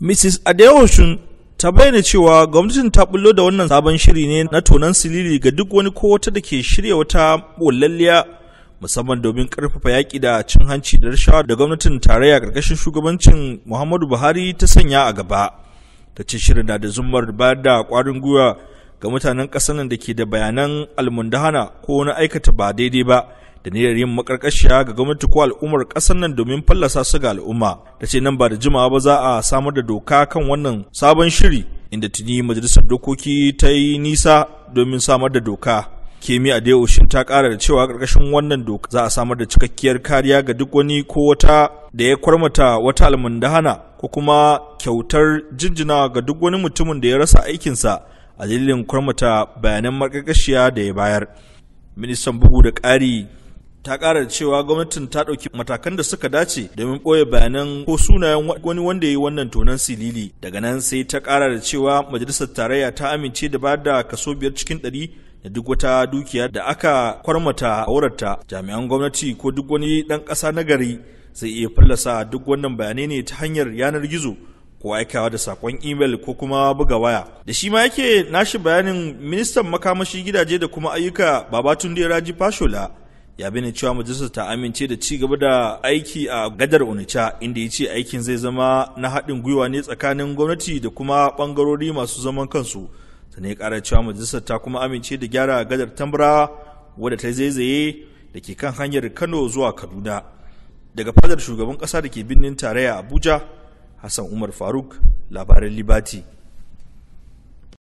Mrs. Adeoshun ta bayyana cewa gwamnatin ta bullo da wannan sabon shiri ne na tonan siliri ga duk wani ko da ke shirya wata ɓullalliya musamman domin karfafa yaƙi da cin hanci da rashawa da gwamnatin tarayya karkashin shugabancin Muhammadu Buhari ta sanya a gaba. Ta ce shirin na da zumar bayar da kwarin gwiwa ga mutanen ƙasar nan da ke da bayanan almundahana ko wani aikata ba daidai ba da niyyar yin makarkashiya ga gwamnati ko al'ummar ƙasar nan domin fallasa su ga al'umma da ce nan ba da jimawa ba za a samar da doka kan wannan sabon shiri inda tuni majalisar dokoki ta yi nisa domin samar da doka kemi a oshin ta kara da cewa ƙarƙashin wannan doka za a samar da cikakkiyar kariya ga duk wani ko wata da ya kwarmata wata almundahana ko kuma kyautar jinjina ga duk wani mutumin da ya rasa aikinsa a dalilin kwarmata bayanan makarkashiya da ya bayar ministan bugu da ƙari ta ƙara cewa gwamnatin ta ɗauki matakan da suka dace domin ɓoye bayanan ko sunayen wani wanda ya yi wannan tonan silili daga nan sai ta ƙara da cewa majalisar tarayya ta amince da ba da kaso biyar cikin ɗari da duk wata dukiya da aka kwarmata wurarta. jami'an gwamnati ko duk wani ɗan ƙasa na gari zai iya fallasa duk wannan bayanai ne ta hanyar yanar gizo ko aikawa da saƙon imel ko kuma buga waya da shi ma yake nashi bayanin ministan makamashi gidaje da kuma ayyuka babatunde raji fashola ya bayyana cewa majalisar ta amince da ci gaba da aiki a gadar onitsha inda ya ce aikin zai zama na haɗin gwiwa ne tsakanin gwamnati da kuma ɓangarori masu zaman kansu ta ya ƙara cewa majalisar ta kuma amince da gyara gadar tambara wadda ta zaizaye da ke kan hanyar kano zuwa kaduna daga fadar shugaban ƙasa da ke birnin tarayya abuja hassan umar faruk labaran libati